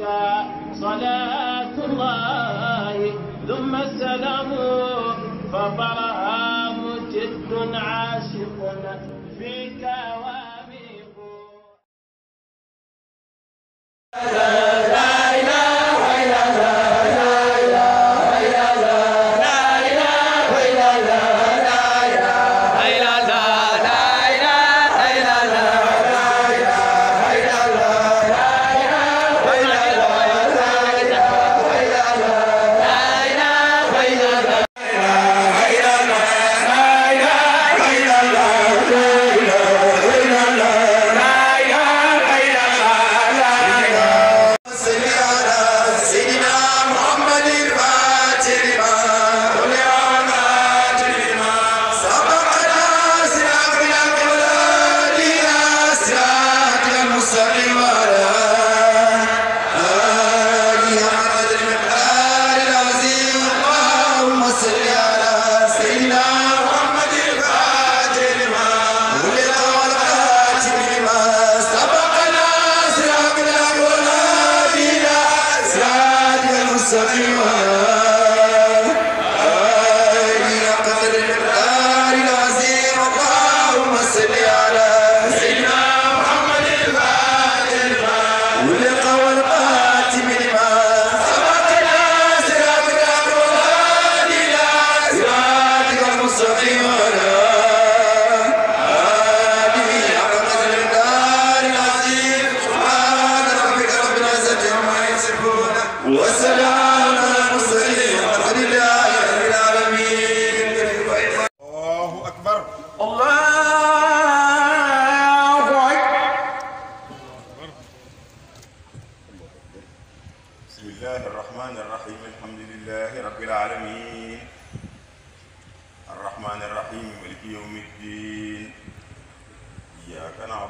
عليك صلاة الله ثم السلام فبركاته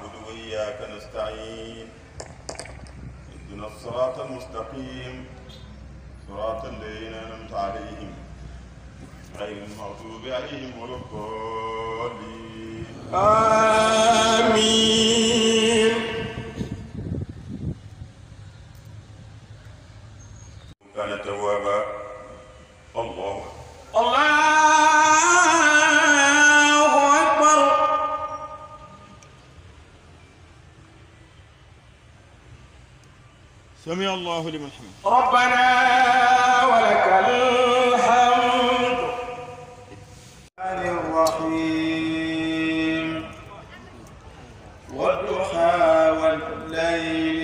na'budu wa iyyaaka nasta'iin ihdina as-siraata al-mustaqiim siraata allaziina an'amta alayhim غير المغضوب عليهم ولا الضالين آمين والضحى والليل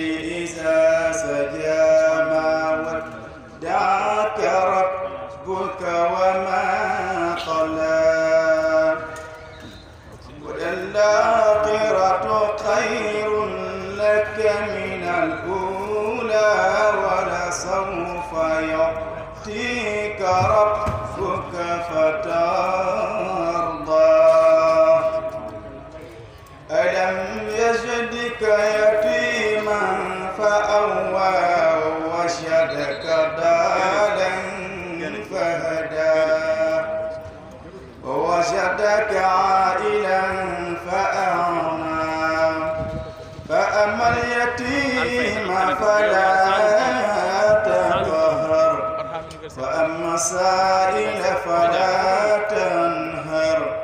المسائل فلا تنهر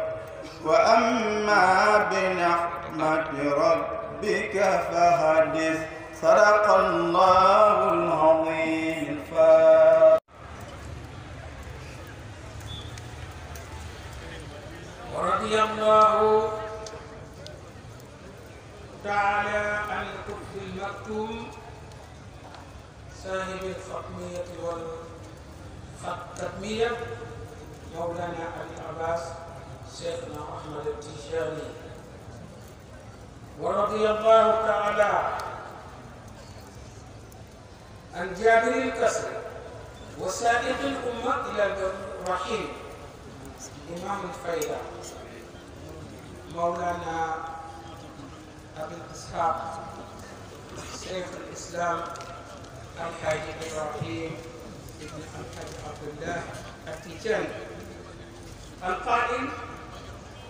وأما بنعمة ربك فحدث صدق الله العظيم ورضي الله تعالى عن الكتب المكتوم صاحب الفقمية والمكتوم تكميلا مولانا ابي العباس شيخنا احمد التجاني ورضي الله تعالى عن جابر الكسري وسائق الامه الى البر الرحيم امام الفيلة مولانا ابي اسحاق شيخ الاسلام الحاج ابراهيم ابن الحاج عبد الله التيجاني القائل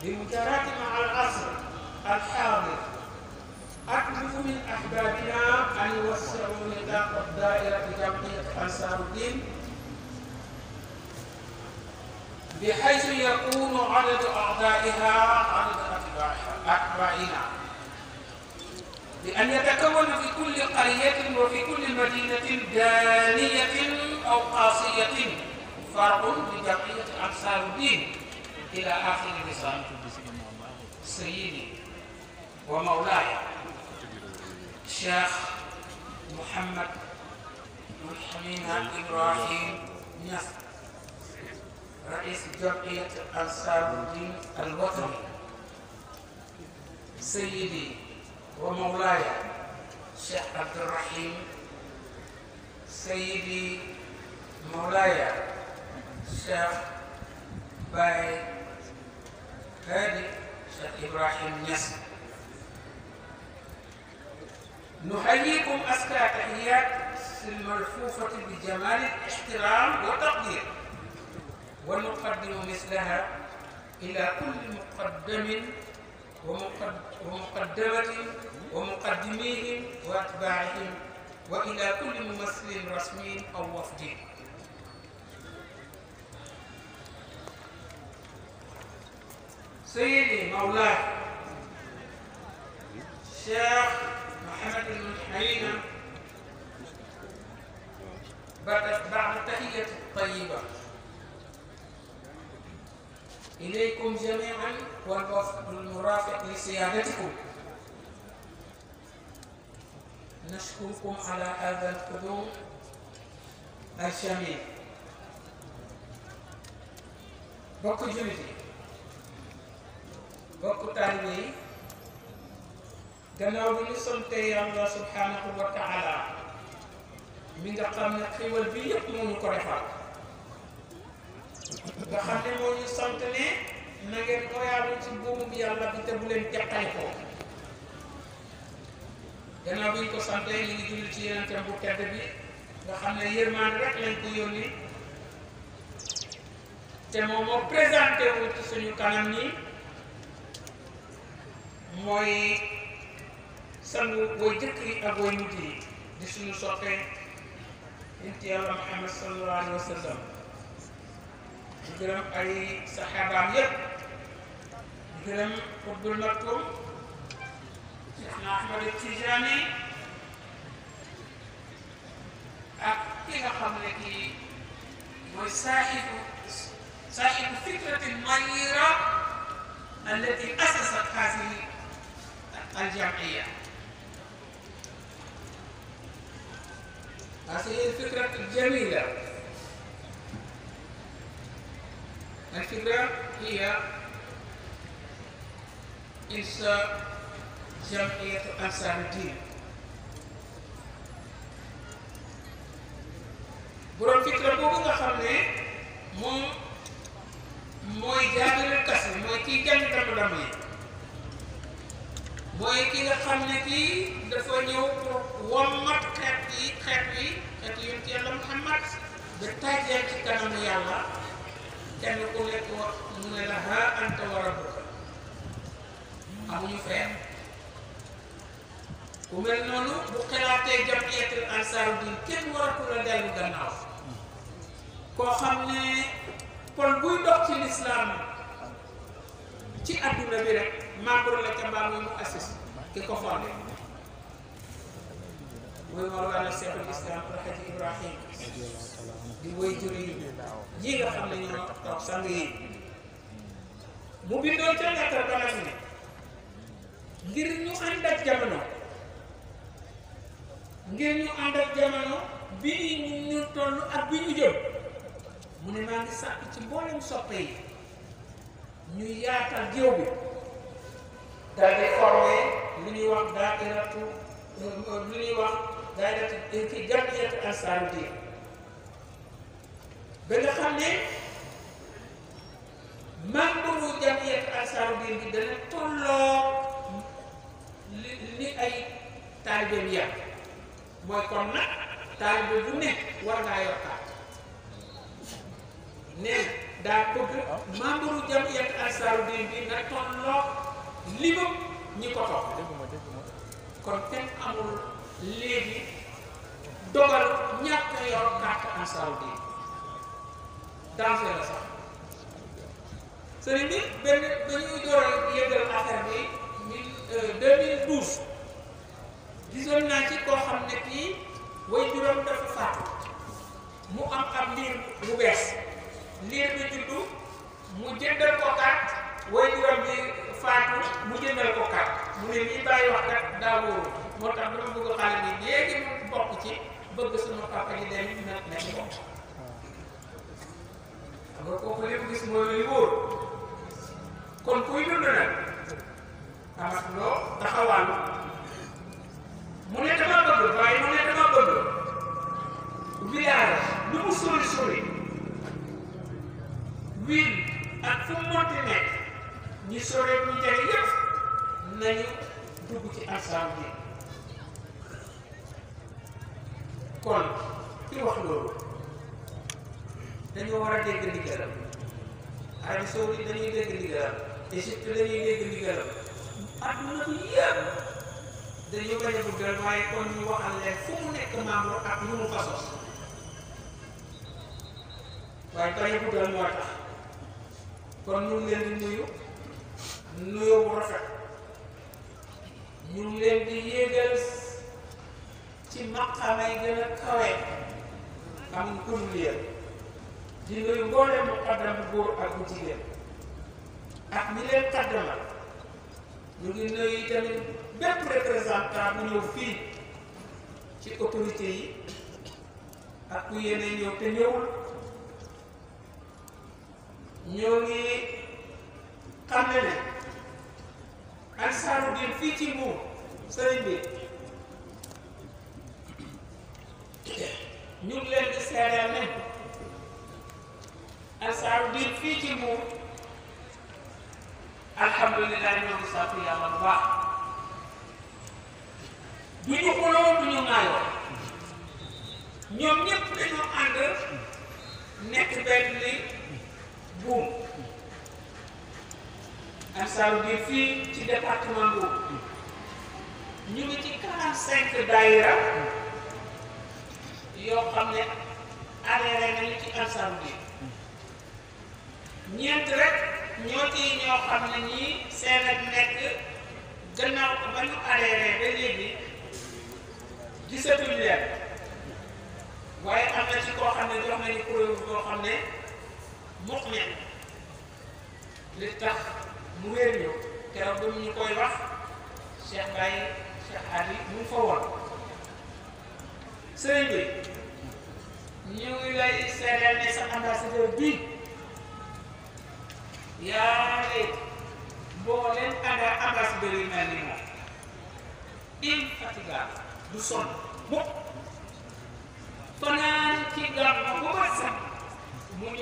بمجاراة مع العصر الحاضر أطلب من أحبابنا أن يوسعوا نطاق الدائرة جمعية أنصار الدين بحيث يكون عدد أعضائها عدد أتباعها أتباعنا بأن يتكون في كل قرية وفي كل مدينة دانية أو قاصية فرع بجمعية أنصار الدين إلى آخر الرسالة سيدي ومولاي الشيخ محمد بن حميد إبراهيم نصر رئيس جمعية أنصار الدين الوطني سيدي wa mawlaaya Cheikh Abdourahim Sayyidi mawlaaya Cheikh Baye Hadi Cheikh Ibrahim Niass نحييكم أزكى تحيات الملفوفة بجمال الاحترام والتقدير ونقدم مثلها إلى كل مقدم ومقدمة ومقدميهم وأتباعهم وإلى كل ممثل رسمي أو وفد سيدي مولاي الشيخ محمد المنحينا بعد التحية الطيبة إليكم جميعا والوفد المرافق لسيادتكم نشكركم على هذا الحضور الشميل bokk jullit yi bokk taalibe yi gannaaw bu ñu sante yàlla subhanahu wa taala mi nga xam ne xéwal bi yëpp moo ñu ko defal nga xam ne moo ñu sant ne na ngeen royaalu ci buumu bi yàlla bi te bu leen jaqale ko gannaaw bi ñu ko sante ñu ngi julli ci yeneen bu tedd bi nga xam ne yërmaan rek lañ ko yónni te moom moo présenté ci suñu kanam ni mooy sangu booy jëkk yi ak booy mujj yi di suñu soppe inti yàlla Muhammad sallallahu alayhi wa sallam gërëm ay saxaabaam yépp di gërëm xutbul makkum Seydina Ahmad Tijaani ak ki nga xam ne kii mooy saahibu saahibu fikratin maniira allati asasat haadihi aljamia هذه الفكرة الجميلة الفكرة هي إنشاء jamiyatu ansaaru diin borom fikra boobu nga xam ne moom mooy jàngale kas mooy kii jàng dama-dama yi mooy ki nga xam ne kii dafa ñëw pour wommat yi xeet yi xeet yi yonent yàlla Muhammad ba tàjjeel ci kanamu yàlla kenn ku nekk wax mu ne la ha anta wa rabbuka amuñu bu mel noonu bu xalaatee jamiyatul ansaaru diin kenn waratu dellu gannaaw koo xam ne kon buy dox ci lislaam ci adduna bi rek membre la ca mbaa muy mu assis ki ko fondé mooy Mawlana Cheikhul Islam Alhaji Ibrahim di woy jur yi nga xam ne ñoo toog sang yi mu bindoo ca lettre ba nag ne ngir ñu ànd ak jamono ngir ñu ànd ak jamono bi ñu ñu toll ak bi ñu mu ne maa ngi sàkk ci mboolem soppe yi ñu yaatal géew bi daal di formé lu ñuy wax daairatu lu ñuy bi dana tolloo li li ay taalibeem yàq mooy kon nag taalibe bu nekk war ngaa yor kaart nee daa bëgg membre u jamiyat Ansaaru Diin bi na tolloo limu ñi ko toog kon kenn amul léegi dogal ñàkk a yor kaart Ansaaru Diin danger la sax sëriñ bi benn ba ñuy door a yëgal affaire bi 2012 gisoon naa ci koo xam ne kii way juróom dafa faatu mu am am liir bu bees liir bi juddu mu jëndal ko kaat way juróom bi faatu mu jëndal ko kaat mu ne lii bàyyi wax kat daa wóoru moo tax dama bëgg xale bi léegi mu bokk ci bëgg sama papa dem na nañ bokk xam kooku lépp gis mooy wóor kon kuy dund nag amat loo taxawaan mu ne dama bëgg waaye mu ne dama bëgg village lu mu sori sori ville ak fu mu nekk ñi sore ñu jëri yëpp nañu dugg ci ensemble bi kon ci wax loolu dañu war a dégg ndigalam Arabie Saoudite dañuy dégg ndigalam Égypte dañuy dégg ndigalam adduna bi yëpp dañu bañ a guddal waaye nekk membre ak lu mu fasos waaye bañ a guddal moo tax kon ñu leen di nuyu nuyoo bu rafet ñu leen di yéegal ci maqamay gën a kawe amul ku dul yéen di nuyu mboolem muqaddam bu góor ak bu jigéen ak ñi leen kaddamal ñu ngi nuyu tamit. bépp représentant bu ñëw fii ci autorité yi ak ku yéene ñëw te ñoo ngi xam ne ne Ansaaru Din fii ci Mbour sëriñ bi ñu ngi leen di seereel ne Ansaaru Din fii ci Mbour alhamdulilah ñoo ngi sant yàlla bu baax du ñu xuloo du ñu ŋaayoo ñoom ñëpp dañoo ànd nekk benn buum Ansaaru bi fii ci département boobu ñu ngi ci 45 daayira yoo xam ne adhéré nañu ci Ansaaru bi ñeent rek ñoo ciy ñoo xam ne seen ak nekk gannaaw ba ñu adhéré ba léegi. 17 milliards waaye am na ci koo xam ne jox nañu kuréel koo xam ne mokk ña li tax mu réer ñu keroog ba ñu koy wax Cheikh Baye Cheikh Ali mu fa woon sëriñ bi ñu ngi lay seedeel ne sa ambassadeur bii yaa ngi mbooleem ànd ak ambassadeur yi mel ni moom infatigable du sonn mu ñëw na ci yére dara ma su ma sax ma rek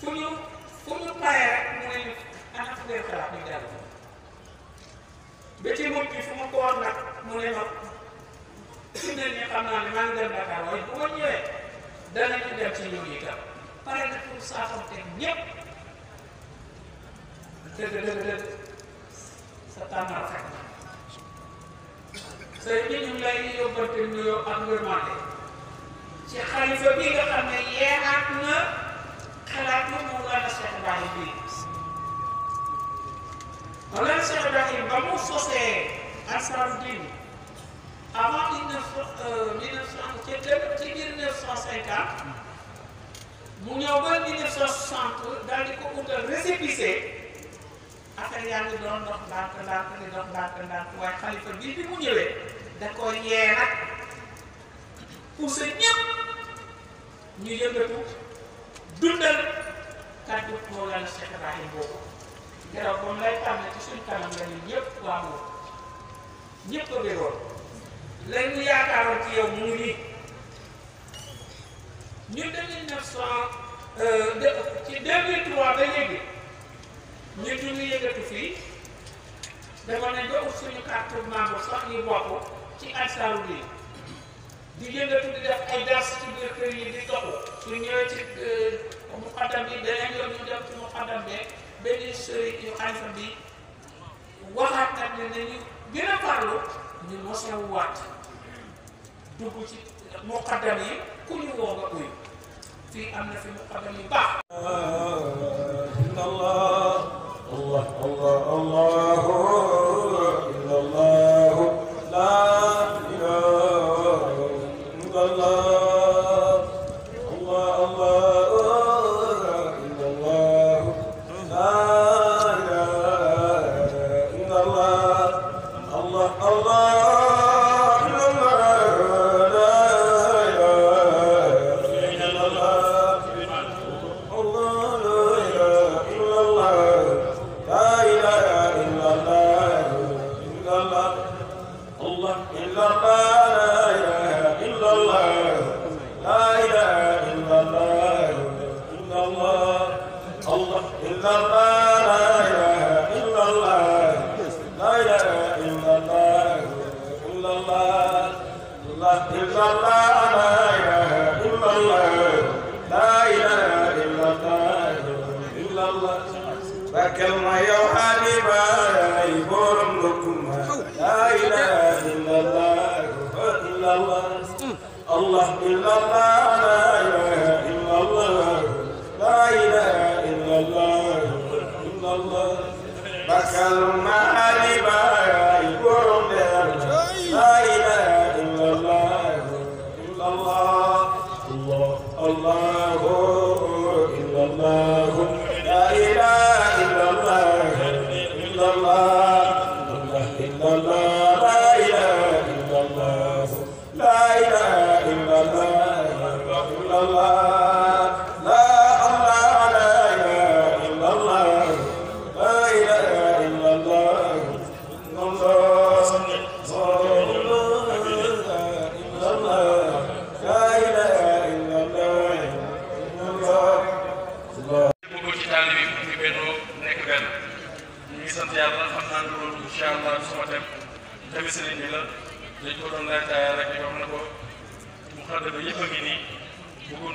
mu ne ñu fu ngeen xalaat ñu dellu ba ci mujj bi fu ma ko nag mu ne ma fi mu xam naa ne maa ngi dem Dakar waaye bu ma ñëwee danañu dem ci ñoom itam pare na pour saafante ñëpp dëgg dëgg dëgg sa tànnaar fekk na sëñ bi ñu ngi lay yóbbante nuyoo ak ngërmande ci xalifa bi nga xam ne yeexaat na xalaat na mu wala Cheikh Ibrahim bi wala Cheikh Ibrahim ba mu sosee asar avant mille neuf euh, mille neuf cent ci mille neuf cent cinquante mu ñëw ba mille neuf cent soixante daal di ko utal récépissé affaire yaa doon dox ndànk ndànk di dox waaye xalifa bi bi mu ñëwee da ko yee nag pour ñëpp ñu yëngatu dundal kàddu Mawlana Cheikh Ibrahim boobu keroog ba mu lay tànn ci suñ kanam la ñun ñëpp waa ñëpp a béyoon lañu yaakaar ci yow mu nii ñu deux neuf cent euh, ci deux mille trois ba léegi ñu du ñu yëngatu fii dafa nañ ba suñu carte membre sax ñu ci Ansaru lii di yëngatu di def ay dars ci biir kër yi di toxu su ñëwee ci euh, muqaddam bi beneen yoon ñu dem ci muqaddam beeg benn sëriñ yu xalifa bi waxaat nag ne nañu gën a farlu ñu mos a dugg ci muqaddam yi ku ñu woo nga uyu fii am na fi muqaddam yu baax.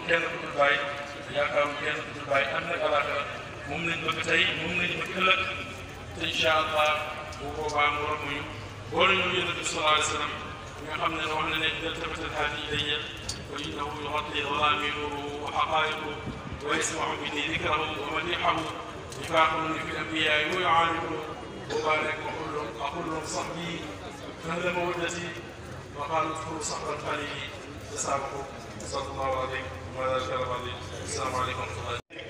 kenn ku dul bàyyi te yaakaaroon kenn ku dul bàyyi am na kalaatala moom lañ bëgg tey moom lañ bëgg ëllëg te incha allah bu boobaa mu romb ñu boole ñu yonent bi sallallahu alayhi wa sallam nga xam ne wax na ne dal tabatal haadi ilayya wa innahu yughatti dalaamiruhu wa haqaa'iquhu wa yasma'u minni dhikrahu wa madiihahu يفاخرني في الانبياء ويعانقني وبارك وحل احل صحبي فهل مودتي وقال اذكروا صحب الخليل تسامحوا صلى الله عليه asalaamaaleykum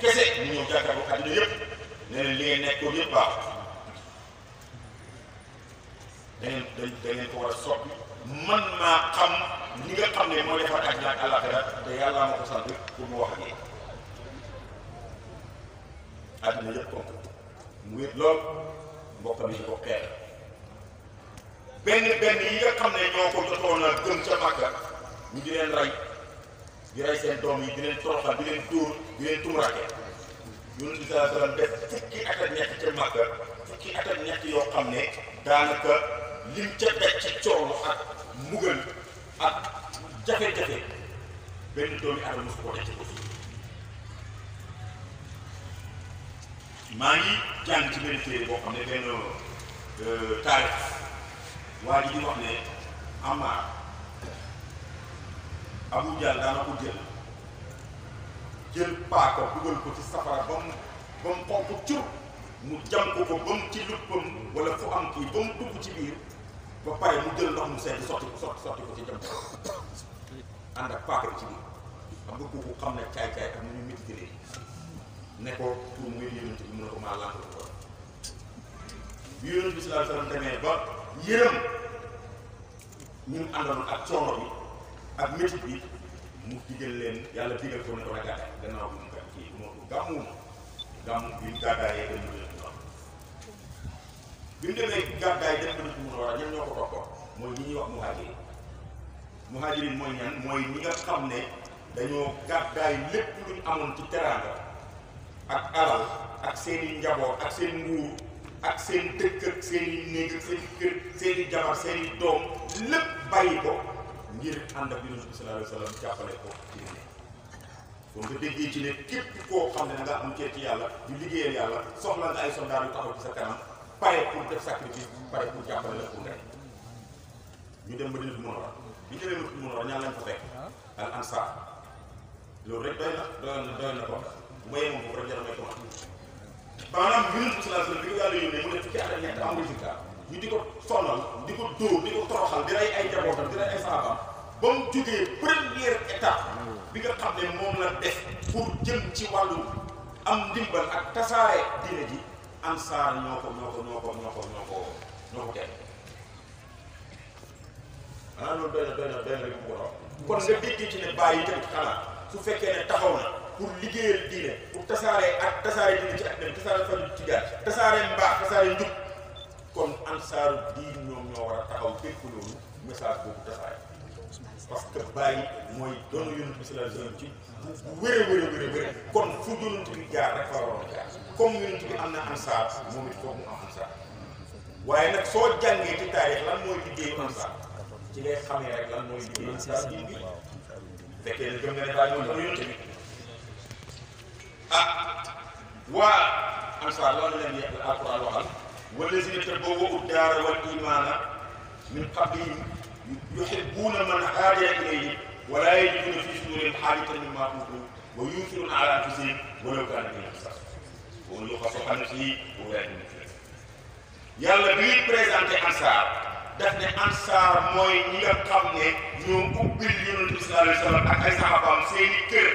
kese ni ñëw jàkkaarloo àdduna yëpp ne leen li ngeen nekkoon yëpp baax da ngeen da ngeen ko war a soppi man maa xam li nga xam ne mooy defar ak ñaar àllaaxira te yàlla ma ko sant pour mu wax ak yéen àdduna yëpp kon mu wéet lool mbokk mi di ko xeer benn benn yi nga xam ne ñoo ko jotoon a gëm ca Makka ñu di leen rey di seen doom yi di leen toroxal di leen dóor di leen tumuraake yonent bi sallallahu alayhi wa sallam def fukki at ak ca Màkka fukki at ak yoo xam ne daanaka lim ca daj ci ak mbugal ak jafe-jafe benn doomi aadama mosu ko daj ci ko maa ngi jàng ci benn téere boo xam ne benn euh, taarix waa ji di wax ne Amar Abu Jahl daana ko jël jël paaka dugal ko ci safara ba mu ba mu xonq cur mu jam ko ko ba mu ci luppam wala fu am kii ba mu dugg ci biir ba jël ndox mu sedd sotti ci jam paaka bi ci biir xam nga kooku xam ne caay-caay ak nu ñu métitéré ne ko pour muy yonent bi mun a ko maa lànk ko bi yonent bi sallallahu alayhi wa demee ba yërëm ñun àndoon ak coono bi ak métit bi mu digal leen yàlla digal ko ne ko la gàddaay gannaaw bi mu kat kii moo ko gàmmu bi mu gàddaayee dem ba dëkk Moussa bi mu demee gàddaay dem ba dëkk ko mooy ñi ñuy wax muhajirin muhajirin mooy ñan mooy ñi nga xam ne dañoo gàddaay lépp luñ amoon ci teraanga ak alal ak seeni njaboot ak seen nguur ak seen dëkk ak seen i néeg ak seen jabar seen doom lépp bàyyi ko. ngir ànd ak yonent bi sallallahu alayhi wa sallam jàppale ko ci ne kon nga déggee ci ne képp koo xam ne da am ceeb ci yàlla di liggéeyal yàlla soxla nga ay soldaar yu taxaw ci sa kanam pare pour def sacrifice pare pour jàppale la pour ngay ñu dem ba dina fi mën a war bi ñu demee ba fi mën a war ñaan lañ fa loolu rek doy na doyoon na doyoon na ko bu ma yemoon foofu rek jaramay ko maanaam yonent bi sallallahu alayhi wa sallam bi ko yàlla yónnee mu def ci àll ak ñett amul résultat ñu di ko sonal di ko dóor di ko toroxal di ay njabootam di ay saabam ba mu jógee première étape bi nga xam ne moom la def pour jëm ci wàllu am ndimbal ak tasaare diine ji ansaar ñoo ko ñoo ko ñoo ko ñoo ko ñoo ko ñoo ko teg maanaam loolu doy na ko kon nga dégg ci ne bàyyi tamit xalaat su fekkee ne taxaw na pour liggéeyal diine pour tasaare ak tasaare diine tasaare mbaax tasaare njub kon ansaaru diin ñoom ñoo war a taxaw fekk loolu message boobu tasaay parce bàyyi mooy doon yonent bi sallallahu alayhi ci bu wéree wéree wéree fu yonent bi jaar rek fa waroon jaar comme yonent bi am na ansaar moom it foog mu am ansaar waaye nag soo jàngee ci taarix lan mooy liggéeyu ansaar ci ngay xamee rek lan mooy liggéeyu ansaar diin bi fekkee ne gëm nga ne daa ñoom am yonent bi ah ansaar lan la leen yàq alquran waxal والذين تبوؤوا الدار والإيمان من قبلهم يحبون من هاجر إليهم ولا يجدون في صدورهم حاجة مما أوتوا ويؤثرون على أنفسهم ولو كان بهم خصاصة ومن يوق شح نفسه فأولئك هم المفلحون yàlla bi ñuy présenté ansaar daf ne ansaar mooy ñi nga xam ne ñoo ubbil yonent bi sallallahu alayhi wa sallam ak ay saxaabaam seeni kër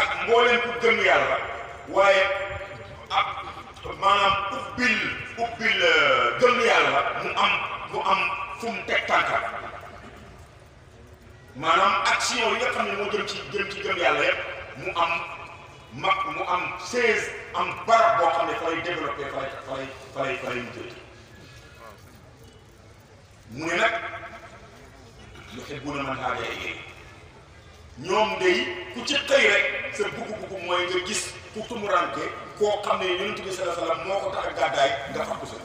ak mboolem ku gëm yàlla waaye ak maanaam ubbil ubbil gëm euh, yàlla mu am mu am fu teg tànka maanaam action yi nga xam moo jëm ci jëm ci gëm yàlla yëpp mu am mag mu am seize am barab boo xam ne fa lay développé fa lay fa lay fa lay fa mu ne nag lu xet bu na man haajee ñoom day ku ci xëy rek sa bugg-bugg mooy nga gis ku tumuraanke koo xam ne yonent bi sallallahu moo ko tax ak gàddaay nga fàttu sa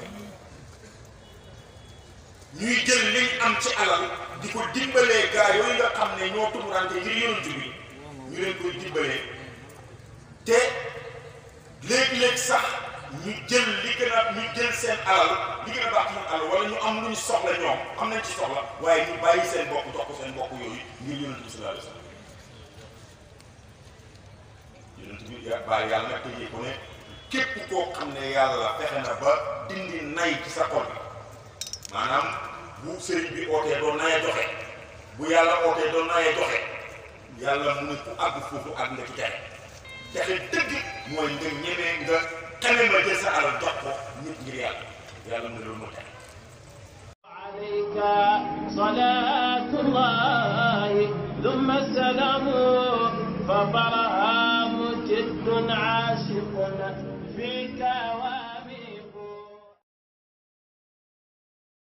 jël am ci alal di ko dimbalee gaa yooyu nga xam ne ñoo tumuraanke ngir yonent bi ñu leen koy dimbalee te léeg-léeg sax ñu jël li gën a ñu jël seen alal li gën a baax seen alal wala ñu am lu ñu soxla ñoom am nañ ci soxla waaye ñu bàyyi seen bokk jox ko seen bokk yooyu ngir yonent bi sallallahu alayhi wasallam yonent bi baal yàlla nag tëjee ko ne képp koo xam ne yàlla fexe na ba dindi nay ci sa xol maanaam bu sëriñ bi ootee doo nayee joxe bu yàlla ootee doo nayee joxe yàlla mu ne ku àgg foofu àgg nga ci texe texe dëgg mooy nga ñemee nga xamee jël sa alal jox ko nit ngir yàlla yàlla mu ne loolu moo texe